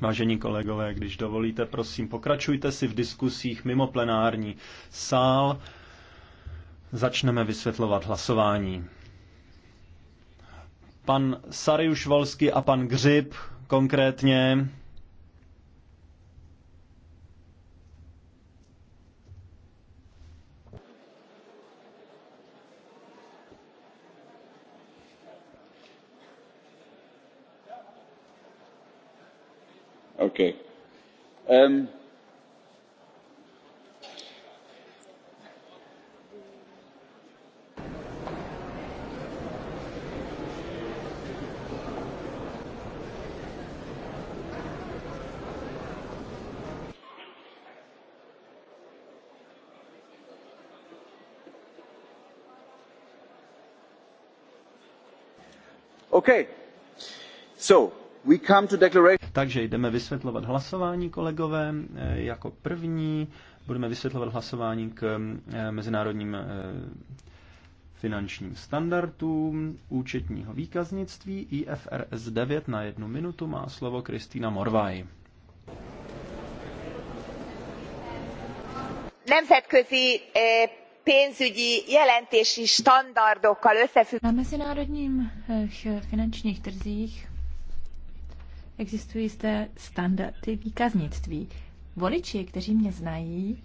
Vážení kolegové, když dovolíte, prosím, pokračujte si v diskusích mimo plenární sál. Začneme vysvětlovat hlasování. Pan Sariuš Volsky a pan Gřib konkrétně Okay. Um, okay. so takže jdeme vysvětlovat hlasování, kolegové. E, jako první budeme vysvětlovat hlasování k e, mezinárodním e, finančním standardům účetního výkaznictví IFRS 9 na jednu minutu má slovo Kristýna Morvaj. Nemzetközi pénzügyi jelentési standardokkal összefügg. Na mezinárodním finančních trzích Existují zde standardy výkaznictví. Voliči, kteří mě znají,